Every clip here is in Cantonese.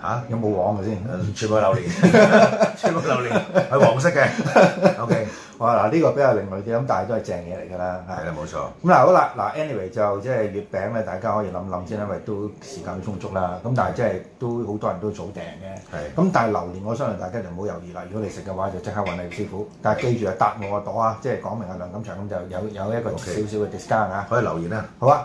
嚇有冇黃嘅先？全部係榴蓮，全部榴蓮係黃色嘅。OK，我話嗱呢個比較另類啲，咁但係都係正嘢嚟㗎啦。係啦，冇錯。咁嗱好啦，嗱 anyway 就即係月餅咧，大家可以諗諗先，因為都時間都充足啦。咁但係即係都好多人都早訂嘅。係。咁但係榴蓮，我相信大家就唔好猶豫啦。如果你食嘅話，就即刻揾你師傅。但係記住啊，搭我個朵啊，即係講明阿梁錦祥咁就有有一個少少嘅 discount 啊，可以留言啊，好啊。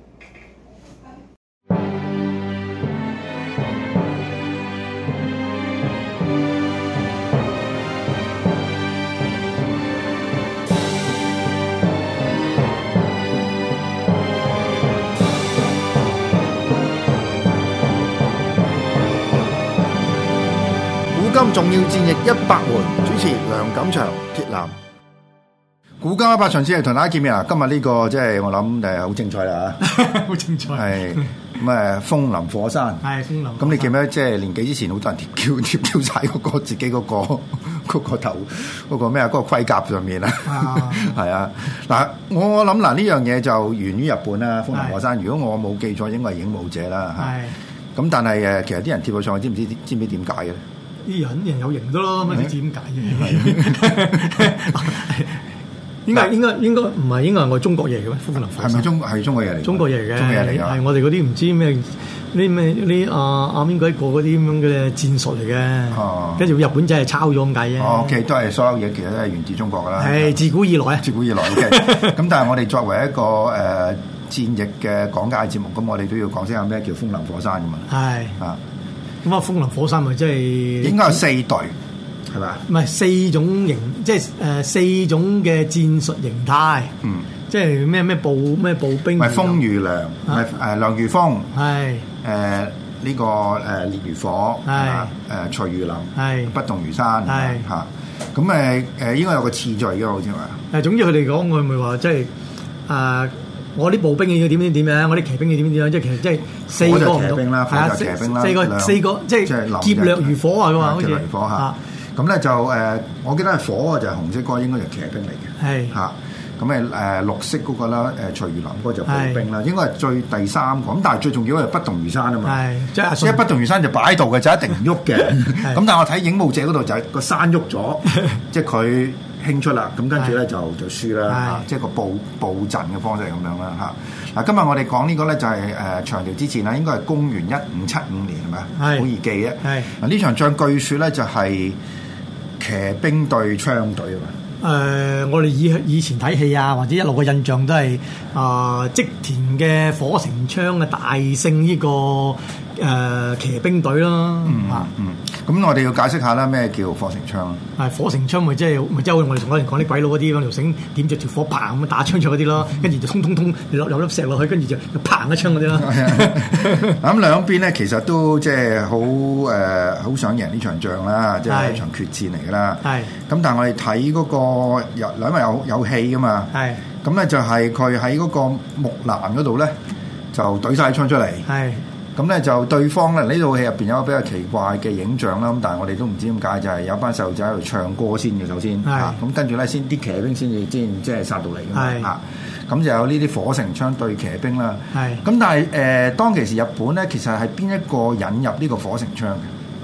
重要戰役一百回，主持梁錦祥、鐵男、古家伯先係同大家見面啊！今日呢、這個即係我諗誒，好精彩啊！好 精彩，係咩誒，風林火山，係風林火山。咁你記唔記得即係、就是、年紀之前好多人貼膠貼晒嗰個自己嗰、嗰個嗰、嗰個頭、嗰個咩啊？嗰個盔甲上面 啊，係啊！嗱，我諗嗱呢樣嘢就源於日本啦，風林火山。如果我冇記錯，應該係影武者啦，係。咁但係誒，其實啲人貼上去，知唔知知唔知點解嘅？啲人人有型噶咯，唔知點解嘅。應該應該應該唔係應該係我中國嘢嘅咩？風林火山係咪中係中國嘢嚟？中國嘢嚟嘅，係我哋嗰啲唔知咩，啲咩啲啊阿面鬼嗰啲咁樣嘅戰術嚟嘅。跟、哦、住日本仔係抄咗咁解嘅。OK，都係所有嘢其實都係源自中國噶啦。係、哎、自古以來自古以來咁、okay、 但係我哋作為一個誒、呃、戰役嘅講解節目，咁我哋都要講一下咩叫風林火山咁、哎、啊。係啊。咁啊，風林火山咪即係，應該有四隊係嘛？唔係、嗯、四種形，即係、呃、四種嘅戰術形態。嗯，即係咩咩步咩步兵？咪風如涼，咪、啊、涼如風。呢、呃呢個、呃、烈如火，係誒、呃、徐如林，係不動如山，係嚇。咁誒誒應該有個次序嘅，好似話。誒，總之佢哋講，我唔係話即係我啲步兵要點點點樣？我啲騎兵要點點點樣？即係其實即係四個唔喐，係就騎兵啦、啊，四個四個即係、就是、劫掠如火,略如火啊！佢話好似，咁咧就、呃、我記得係火就係紅色嗰個應該騎騎兵嚟嘅，係咁誒綠色嗰、那個啦，誒、呃、徐如林就步兵啦，應該係最第三個。咁但係最重要係不動如山啊嘛，就是、即係不動如山就擺度嘅，就一定唔喐嘅。咁 是 但係我睇影武者嗰度就係、是、個山喐咗， 即係佢。興出啦，咁跟住咧就就輸啦、啊，即係個布布陣嘅方式咁樣啦嚇。嗱、啊，今日我哋講呢個咧就係、是、誒、呃、長篠之戰啦，應該係公元一五七五年係咪啊？好易記啊！嗱，呢場仗據說咧就係騎兵對槍隊啊嘛。誒、呃，我哋以以前睇戲啊，或者一路嘅印象都係啊，織、呃、田嘅火繩槍嘅大勝呢、這個。誒、呃、騎兵隊啦，嚇、嗯，嗯，咁我哋要解釋下啦，咩叫火繩槍？係火繩槍、就是，咪即係咪即係我哋同嗰陣講啲鬼佬嗰啲，揾條繩點着條火棒咁打槍仗嗰啲咯，跟、嗯、住就通通通落入粒石落去，跟住就砰一槍嗰啲咯。咁 兩邊咧，其實都即係好誒，好、呃、想贏呢場仗啦，即、就、係、是、一場決戰嚟噶啦。係。咁但係我哋睇嗰個又，因為有有戲噶嘛。係。咁咧就係佢喺嗰個木欄嗰度咧，就懟晒槍出嚟。係。咁咧就對方咧呢套戲入邊有個比較奇怪嘅影像啦，咁但係我哋都唔知點解，就係、是、有班細路仔喺度唱歌先嘅，首先嚇，咁、啊、跟住咧先啲騎兵先至先即係殺到嚟嘅嘛嚇，咁、啊、就有呢啲火繩槍對騎兵啦，係咁、啊、但係誒、呃、當其時日本咧其實係邊一個引入呢個火繩槍嘅？誒、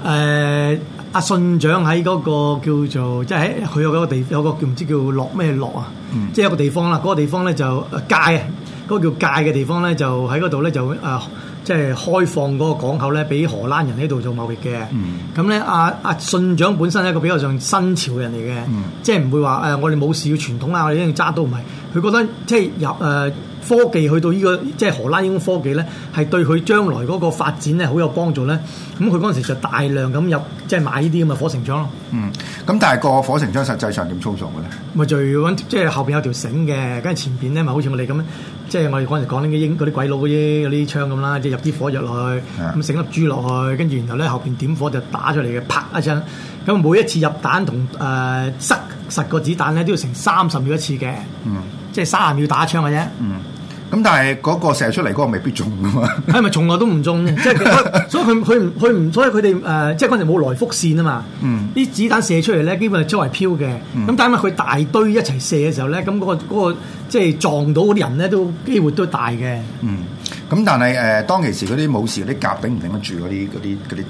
呃、阿信長喺嗰個叫做即係佢有個地有個叫唔知叫落咩落啊，即係有個地方啦，嗰、那個地方咧就堺啊，嗰、那個叫堺嘅地方咧就喺嗰度咧就啊～、呃即係開放嗰個港口咧，俾荷蘭人喺度做貿易嘅。咁、嗯、咧，阿、啊、阿、啊、信長本身咧，佢係個比較上新潮人嚟嘅，嗯、即係唔會話誒、呃，我哋武士要傳統啊，我哋一定要揸刀，唔係。佢覺得即係由誒科技去到呢、呢個，即係荷蘭嗰種科技咧，係對佢將來嗰個發展咧，好有幫助咧。咁佢嗰陣時就大量咁入，即係買呢啲咁嘅火繩槍咯。嗯，咁但係個火繩槍實際上點操作嘅咧？咪就要揾，即係後邊有條繩嘅，跟住前邊咧咪好似我哋咁。即係我哋嗰陣時講啲英啲鬼佬嘅啲嗰啲槍咁啦，即係入啲火藥落去，咁、yeah. 整粒珠落去，跟住然後咧後邊點火就打出嚟嘅，啪一槍。咁每一次入彈同誒塞十個子彈咧，都要成三十秒一次嘅，mm. 即係卅秒打一槍嘅啫。Mm. 咁但係嗰個射出嚟嗰個未必中㗎嘛，是不是？係咪從來都唔中？即 係所以佢佢唔佢唔所以佢哋誒即係嗰陣冇來福線啊嘛？嗯，啲子彈射出嚟咧，基本係周圍飄嘅。咁、嗯、但係因為佢大堆一齊射嘅時候咧，咁、那、嗰個即係、那個就是、撞到嗰啲人咧，都機會都大嘅。嗯，咁、嗯、但係誒、呃、當其時嗰啲武士啲甲頂唔頂得住嗰啲嗰啲嗰啲彈嘅？誒、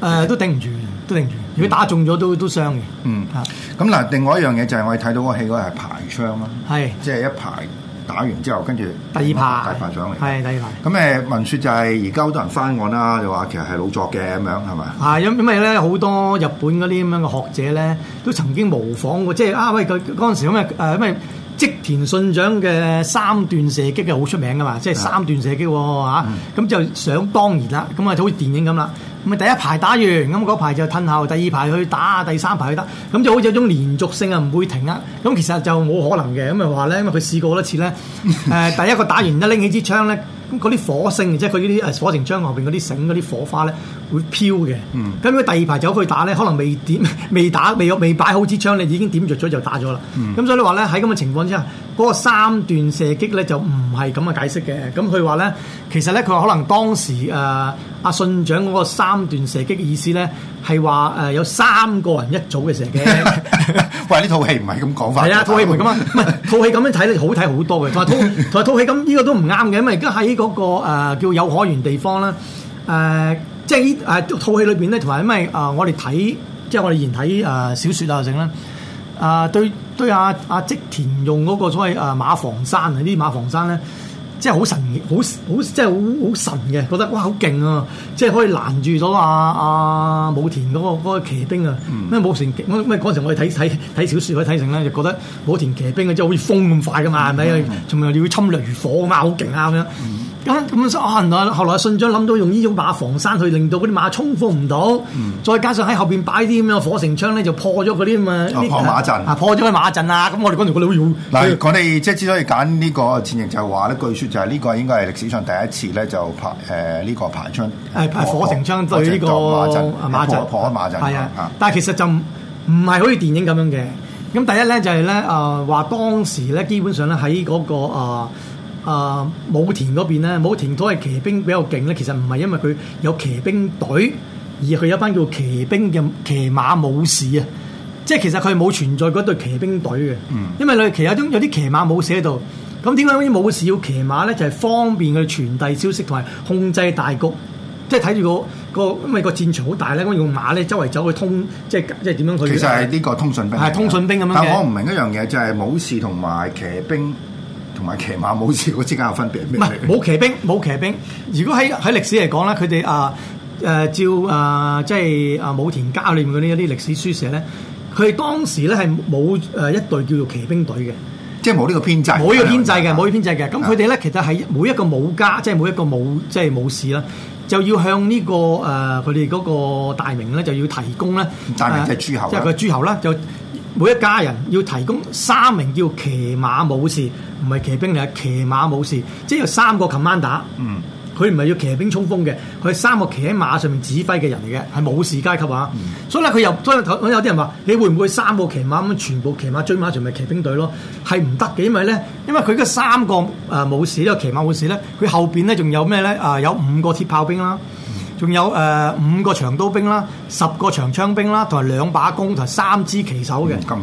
呃，都頂唔住，都頂唔住。如果打中咗都、嗯、都傷嘅。嗯啊。咁嗱，另外一樣嘢就係我哋睇到個戲嗰個係排槍啦，係即係一排。打完之後，跟住第二排大拍上嚟，係第二排。咁誒文說就係而家好多人翻案啦，就話其實係老作嘅咁樣，係咪？啊，因因為咧好多日本嗰啲咁樣嘅學者咧，都曾經模仿過，即係啊喂，佢嗰陣時咁嘅誒咁嘅。呃織田信長嘅三段射擊係好出名噶嘛，即係三段射擊嚇，咁、嗯啊、就想當然啦。咁啊，好似電影咁啦，咁啊第一排打完，咁嗰排就褪後，第二排去打，第三排去打，咁就好似有一種連續性啊，唔會停啊。咁其實就冇可能嘅，咁咪話咧，因為佢試過好多次咧，誒 第一個打完一拎起支槍咧，咁嗰啲火星，即係佢呢啲誒火營槍外邊嗰啲繩嗰啲火花咧。會飄嘅，咁、嗯、如果第二排走去打咧，可能未未打、未未擺好支槍，你已經點着咗就打咗啦。咁、嗯、所以你話咧喺咁嘅情況之下，嗰、嗰個三段射擊咧就唔係咁嘅解釋嘅。咁佢話咧，其實咧佢話可能當時誒阿、呃、信長嗰個三段射擊嘅意思咧係話誒有三個人一組嘅射擊。 喂，呢套戲唔係咁講法。係啊，套戲咁啊，唔係套戲咁樣睇好睇好多嘅。同埋套戲咁，呢、呢個都唔啱嘅，因為而家喺嗰個、呃、叫有可原地方啦，呃即係依、啊、套戲裏邊咧，同埋因為、呃們看們看呃等等呃、啊，我哋睇即係我哋以前睇誒小説啊成啦，啊對對阿阿織田用嗰個所謂誒、啊、馬房山啊，呢啲馬房山咧，即係好神好好即係好好神嘅，覺得哇好勁啊！即係可以攔住咗啊，阿、啊、武田嗰、那個嗰、那個、騎兵啊、嗯，因為武田，因為嗰時我哋睇睇睇小説睇成咧，就覺得武田騎兵啊，即、就、係、是、好似風咁快噶嘛，係咪？仲要侵略如火咁啊，好勁啊咁樣。嗯咁咁啊！後來，後來信長諗到用呢種馬防山去令到嗰啲馬衝鋒唔到，再加上喺後面擺啲咁嘅火繩槍咧，就破咗嗰啲咁啊破馬陣啊，破咗佢馬陣啊，咁、啊、我哋嗰度覺得好。嗱，我哋即係之所以揀呢個戰役就話咧，據説就係呢個應該係歷史上第一次咧就排誒呢個排槍、啊。火繩槍對呢個馬陣，破開馬陣。係啊，但係其實就唔係好似電影咁樣嘅。咁第一咧就係咧啊，話當時咧基本上咧喺嗰個啊。啊、呃！武田嗰邊咧，武田都係騎兵比較勁咧。其實唔係因為佢有騎兵隊，而佢有一班叫騎兵嘅騎馬武士啊。即係其實佢係冇存在過一隊騎兵隊嘅。嗯。因為你其實有有啲騎馬武士喺度。咁點解啲武士要騎馬咧？就係、是、方便佢傳遞消息同埋控制大局。即係睇住個個，因為個戰場好大咧，咁用馬咧周圍走去通，即係即係點樣去？其實係呢個通訊兵。係通訊兵咁樣嘅。但我唔明一樣嘢就係、是、武士同埋騎兵。同埋騎馬武士嗰之間有分別咩？冇騎兵，冇騎兵。如果喺喺歷史嚟講咧，佢哋啊誒照啊即係啊武田家裏面嗰啲一啲歷史書寫咧，佢哋當時咧係冇誒一隊叫做騎兵隊嘅，即係冇呢個編制，冇呢個編制嘅，冇呢個編制嘅。咁佢哋咧其實係每一個武家，即係每一個武即係武士啦，就要向呢個誒佢哋嗰個大名咧，就要提供咧，大名即係諸侯，即係個諸侯啦就。每一家人要提供三名叫騎馬武士，唔係騎兵嚟，係騎馬武士，即係有三個 commander。嗯，佢唔係要騎兵衝鋒嘅，佢三個騎喺馬上面指揮嘅人嚟嘅，係武士階級啊、嗯。所以咧，佢又所以有啲人話，你會唔會三個騎馬咁全部騎馬追馬，全咪係騎兵隊咯？係唔得嘅，因為咧，因為佢嘅三個誒武士呢、這個騎馬武士咧，佢後邊咧仲有咩咧？啊，有五個鐵炮兵啦。仲有誒、呃、五個長刀兵啦，十個長槍兵啦，同埋兩把弓，同埋三支旗手嘅咁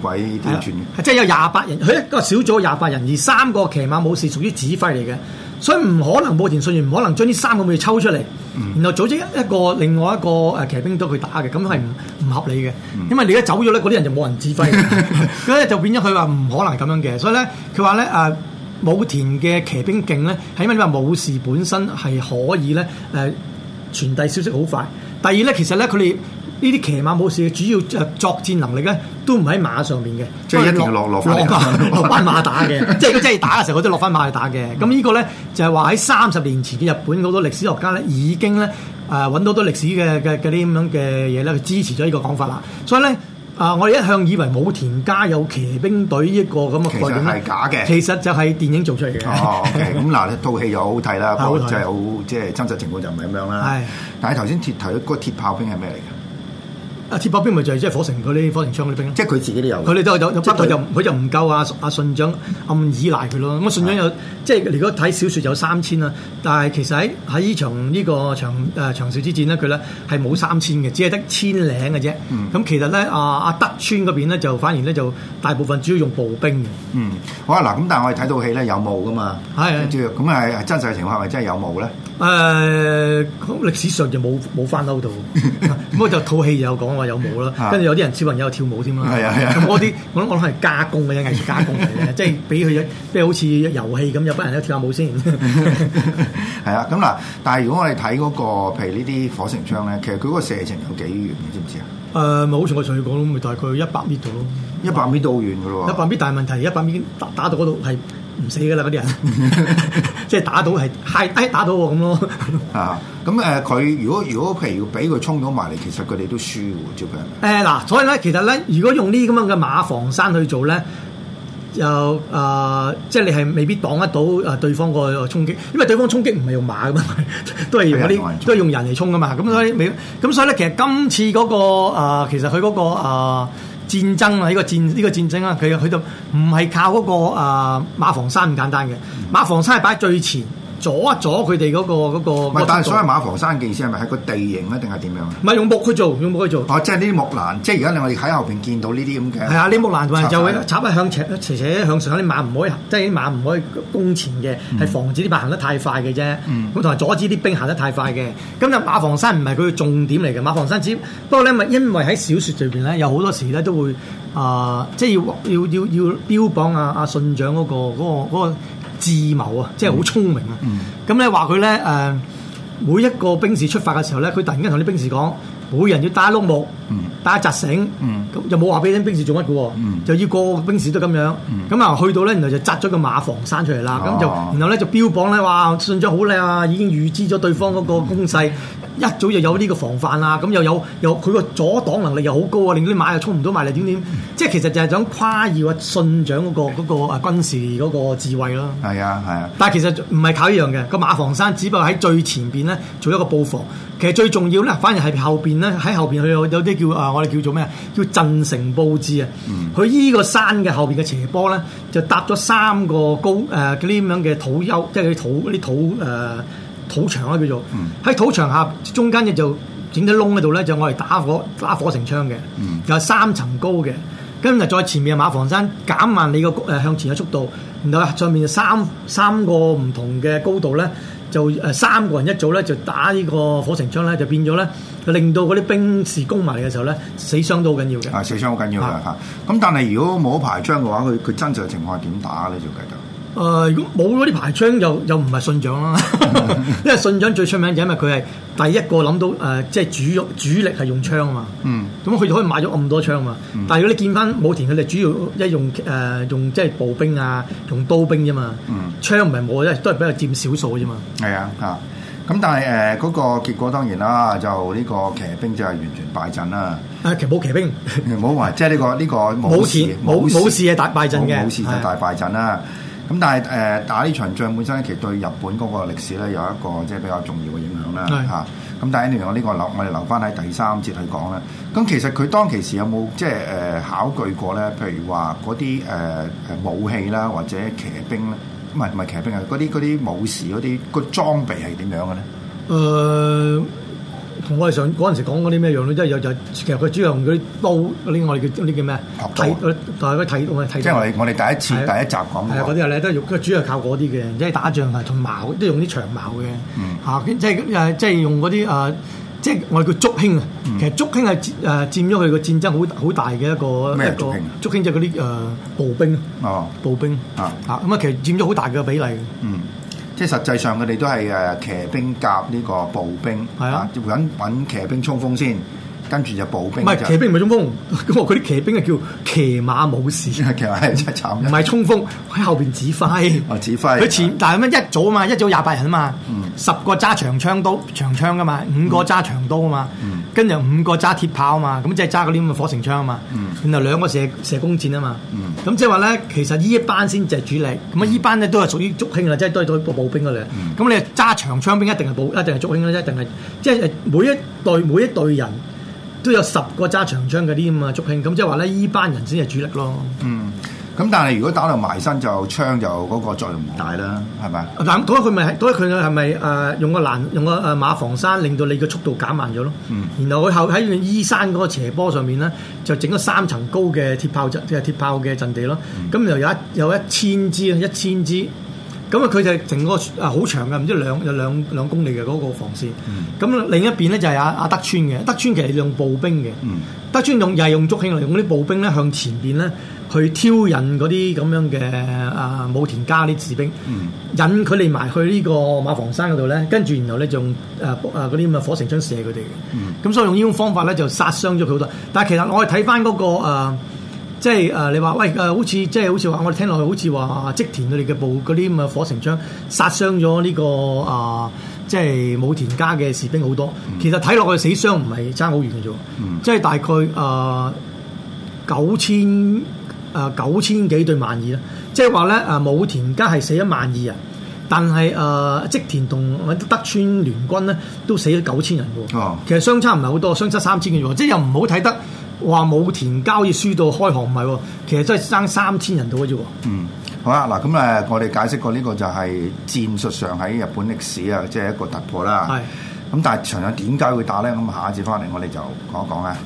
鬼多團員嘅，即係、就是、有廿八人。佢一個小組廿八人，而三個騎馬武士屬於指揮嚟嘅，所以唔可能武田信玄唔可能將呢三個咪抽出嚟，然後組織一個另外一個誒騎兵都去打嘅，咁係唔唔合理嘅，因為你一走咗咧，嗰啲人就冇人指揮，咁 咧 就變咗佢話唔可能咁樣嘅。所以咧佢話咧誒武田嘅騎兵勁咧係因為呢個武士本身係可以咧誒。呃傳遞消息好快。第二咧，其實咧，佢哋呢啲騎馬武士嘅主要誒作戰能力咧，都唔喺馬上面嘅，即係一定要落落翻落翻馬，馬打嘅。 即係真係打嘅時候，佢都落翻馬去打嘅。咁 呢個咧就係話喺三十年前嘅日本好多歷史學家咧，已經咧誒揾到好多歷史嘅嘅嗰啲咁樣嘅嘢咧，去支持咗呢個講法啦。所以咧。啊、呃，我哋一向以為武田家有騎兵隊呢個咁嘅概念，其實係假嘅。其實就係電影做出嚟嘅。哦，OK。 咁嗱，套戲又好睇啦， 不 還有 就係好即係真實情況就唔係咁樣啦。係，但係頭先鐵男個鐵炮兵係咩嚟㗎？啊！鐵炮兵咪就係即係火城嗰啲火城槍嗰啲兵，即係佢自己都有。佢哋都有有，佢佢不過就佢就唔夠阿阿信長暗爾賴佢咯。咁啊，啊信長有即係如果睇小説有三千啦，但係其實喺喺呢場呢、呢個長誒、啊、長篠之戰咧，佢咧係冇三千嘅，只係得千零嘅啫。咁、嗯、其實咧，阿、啊、阿德川嗰邊咧就反而咧就大部分主要用步兵嘅。嗯，好啊嗱，咁但係我哋睇到戲咧有霧噶嘛。係咁啊，係真實嘅情況係咪真係有霧咧？誒、呃，咁歷史上就冇冇翻嬲到，咁我就套戲又有講話有舞啦，跟 住有啲人小朋友跳舞添啦。係啊係啊，咁 啲我諗係加工嘅嘢，藝術加工嚟嘅， 即係俾佢即係好似遊戲咁，有班人一跳下舞先。係啊，咁嗱，但係如果我哋睇嗰個，譬如城呢啲火繩槍咧，其實佢嗰個射程有幾遠，你知唔知啊？誒、呃，咪好似我上次講咯，咪大概一百米度咯，一百米都好遠嘅咯，一百米，米米大係問題一百米打打到嗰度係。唔死噶啦嗰啲人， 即係打到係嗨哎打到我咁咯。啊，咁誒佢如果如果譬如要俾佢衝到埋嚟，其實佢哋都輸喎，只不過嗱，所以咧其實咧，如果用呢啲咁樣嘅馬防山去做咧，又啊、呃，即係你係未必擋得到啊對方個衝擊，因為對方衝擊唔係用馬噶嘛，都係用啲都係用人嚟衝噶嘛。咁所以美，咁所以咧其實今次嗰、嗰個、呃、其實佢嗰、嗰個、呃戰爭啊！呢個戰呢個戰爭啊，佢佢就唔係靠嗰個誒馬房山咁簡單嘅，馬房山係擺在最前。阻一阻佢哋嗰個、嗰個、但係所謂馬房山嘅意思係咪係個地形咧，定係點樣？唔係用木去做，用木去做。哦，即係呢啲木欄，即係而家我哋喺後邊見到呢啲咁嘅。係啊，啲木欄就會插啊向斜斜斜向上，啲馬唔可以行，即係啲馬唔可以攻前嘅，係、嗯、防止啲馬行得太快嘅啫。咁同埋阻止啲兵行得太快嘅。咁、嗯、就、嗯、馬房山唔係佢嘅重點嚟嘅，馬房山只不過咧咪因為喺小説裏邊咧，有好多時咧都會啊、呃，即係要要要要標榜啊，阿、啊、信長嗰個嗰嗰個。嗰個嗰個智謀啊，即係好聰明啊！咁咧話佢咧誒，每一個兵士出發嘅時候咧，佢突然間同啲兵士講，每人要帶碌木、帶、嗯、一紮繩，咁、嗯、就冇話俾啲兵士做乜嘅喎，就要個個兵士都咁樣。咁、嗯、啊去到咧、啊，然後就紮咗個馬房山出嚟啦。咁就然後咧就標榜咧話，信長好靚啊，已經預知咗對方嗰個攻勢。嗯嗯一早就有呢個防範啦，咁又有又佢個阻擋能力又好高啊，令到啲馬又衝唔到埋嚟點點，即係其實就係想跨誇耀信長嗰、嗰個嗰、嗰個、啊、軍事嗰個智慧咯。係、哎、啊，係、哎、啊。但係其實唔係靠呢樣嘅，個馬房山只不過喺最前邊咧做一個布防。其實最重要咧，反而係後邊咧，喺後邊佢有有啲叫啊，我哋叫做咩啊？叫陣城佈置啊。佢、嗯、依個山嘅後邊嘅斜坡咧，就搭咗三個高誒啲咁樣嘅土丘，即係啲土啲土誒。呃土牆啦，叫做喺土牆下中間嘅就整啲窿嗰度咧，就我哋打火打火繩槍嘅，嗯、有三層高嘅，跟住再前面嘅馬防山減慢你嘅誒、呃、向前嘅速度，然後上面三三個唔同嘅高度咧，就誒、呃、三個人一組咧就打呢個火繩槍咧，就變咗咧令到嗰啲兵士攻埋嚟嘅時候咧死傷都好緊要嘅。啊，死傷好緊要嘅咁、啊、但係如果冇排槍嘅話，佢佢真實嘅情況係點打呢？就繼續。誒、呃，如果冇嗰啲排槍，又又唔係信長啦， 因為信長最出名就因為佢係第一個諗到，誒、呃，即係主主力係用槍啊嘛。嗯，咁佢就可以買咗咁多槍啊嘛。嗯、但係如果你見翻武田佢哋主要一用誒、呃、用，用即係步兵啊，用刀兵啫嘛。嗯，槍唔係冇啫，都係比較佔少數嘅啫嘛、嗯。係啊，嚇、啊。咁但係誒嗰個結果當然啦，就呢個騎兵就係完全敗陣啦、啊。誒、啊，其冇騎兵，唔好話，即係呢個呢、呢個武田冇冇事啊，大敗陣嘅，冇事，事就大敗陣啦。啊。咁但係誒、呃、打呢場仗本身咧，其實對日本嗰個歷史咧有一個即係比較重要嘅影響啦嚇。咁、啊、但係呢樣我呢個留我哋留翻喺第三節去講啦。咁其實佢當其時有冇即係誒考據過咧？譬如話嗰啲誒武器啦，或者騎兵咧，唔係唔係騎兵啊，嗰啲嗰啲武士嗰啲個裝備係點樣嘅咧？誒、呃。我哋上嗰陣時講嗰啲咩樣咧，即係有就其實佢主要用嗰啲刀嗰啲，我哋叫啲叫咩睇，刀，但係睇啲刀啊，即係我哋第一次第一集講嗰啲咧，都主要靠嗰啲嘅，即係打仗係同矛，即係用啲長矛嘅嚇，即係即係用嗰啲誒，即係我哋叫足輕啊。嗯、其實足輕係誒佔咗佢個戰爭好好大嘅一個。咩足輕？足輕就係嗰啲誒步兵、哦、步兵啊啊！咁啊，其實佔咗好大嘅比例嗯。即實實際上，佢哋都係誒騎兵夾呢個步兵，揾揾、啊啊、騎兵衝鋒先。跟住就步兵，唔係、就係、騎兵中，唔係衝鋒咁。我嗰啲騎兵係叫騎馬武士，騎馬真係慘，唔係衝鋒喺 後邊指揮，哦、指揮喺前。嗱咁樣一組啊嘛，一組廿八人啊嘛，十、嗯、個揸長槍刀長槍噶嘛，五個揸長刀啊嘛，跟住五個揸鐵炮啊嘛，咁即係揸嗰啲咁嘅火繩槍啊嘛、嗯，然後兩個射射弓箭啊嘛，咁即係話咧，其實呢一班先至係主力，咁啊呢班咧都係屬於足輕啦，即、就、係、係、都係喺個步兵嗰度。咁、嗯、你揸長槍兵一定係步，一定係足輕啦，一定係即係每一隊每一隊人。都有十個揸長槍嗰啲咁啊，足輕咁即係話咧，依班人先係主力咯。嗯，咁但係如果打到埋身就，就槍就嗰、嗰個作用唔大啦，係咪啊？嗱，嗰佢咪，嗰佢係咪誒用個難用個誒馬防山令到你嘅速度減慢咗咯？嗯，然後佢後喺依山嗰個斜坡上面咧，就整咗三層高嘅鐵炮即係鐵炮嘅陣地咯。咁又有一有一千支啊，一千支。咁啊，佢就成個啊好長嘅，唔知兩有兩兩公里嘅嗰個防線。咁、嗯、另一邊咧就係阿阿德川嘅，德川其實用步兵嘅。嗯、德川用又係用足輕嚟，用啲步兵咧向前邊咧去挑釁嗰啲咁樣嘅啊武田家啲士兵，嗯、引佢哋埋去呢個馬房山嗰度咧。跟住然後咧就用嗰啲咁嘅火繩槍射佢哋嘅。咁、嗯、所以用呢種方法咧就殺傷咗佢好多。但其實我哋睇翻嗰個、啊即係誒，你話喂、呃、好似即係好似話，我哋聽落去好似話，織田佢哋嘅部嗰啲咁嘅火繩槍殺傷咗呢、這個啊，即、呃、係、就是、武田家嘅士兵好多。其實睇落去死傷唔係差好遠嘅啫，即、嗯、係大概啊九千九千幾對萬二啦。即係話咧武田家係死咗萬二人，但係誒織田同德川聯軍咧都死咗九千人嘅喎。哦、其實相差唔係好多，相差三千嘅啫，即、就、係、是、又唔好睇得。話武田交易輸到開行唔係喎，其實真係爭三千人到嘅啫喎。嗯，好啦，嗱，咁我哋解釋過呢個就係戰術上喺日本歷史啊，即係一個突破啦。咁但係長篠點解會打咧？咁下一次翻嚟我哋就講一講啦。